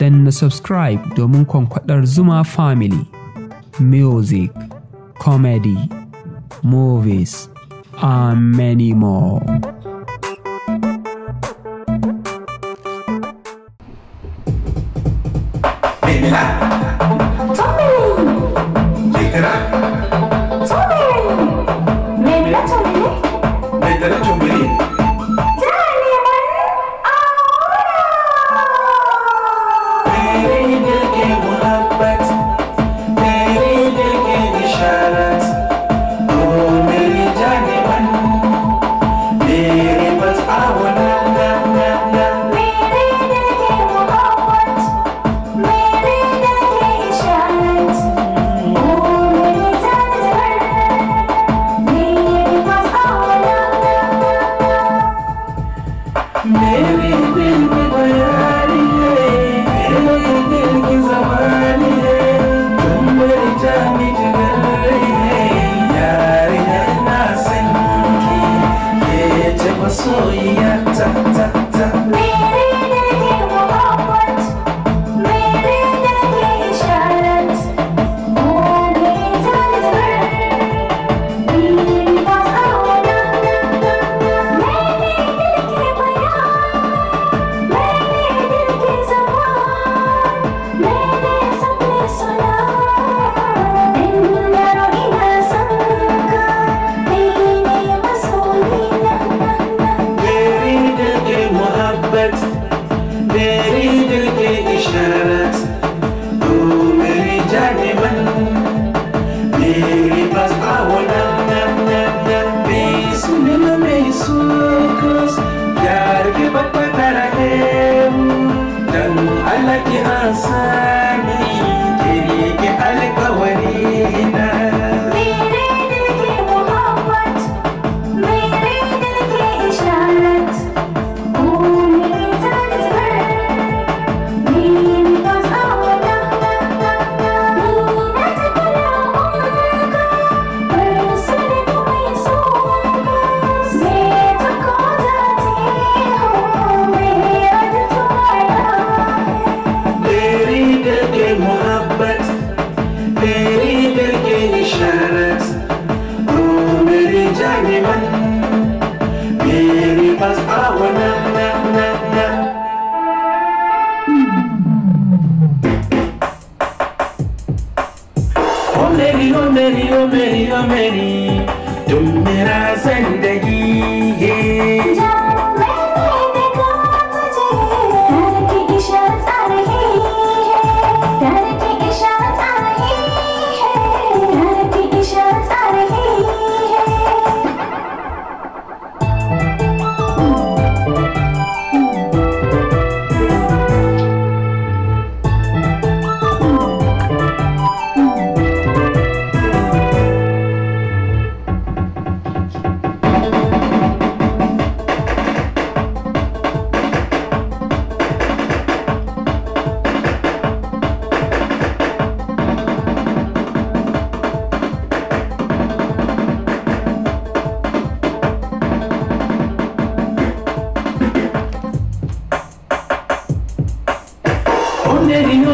dan na subscribe domin kwankwadar Zuma Family. Music, comedy, movies, and many more. Yeah. soy ya ta ta ta. Amen. because I ah, will na na na na. Omeri, oh, omeri, oh, omeri, oh, omeri, dumera zendegi.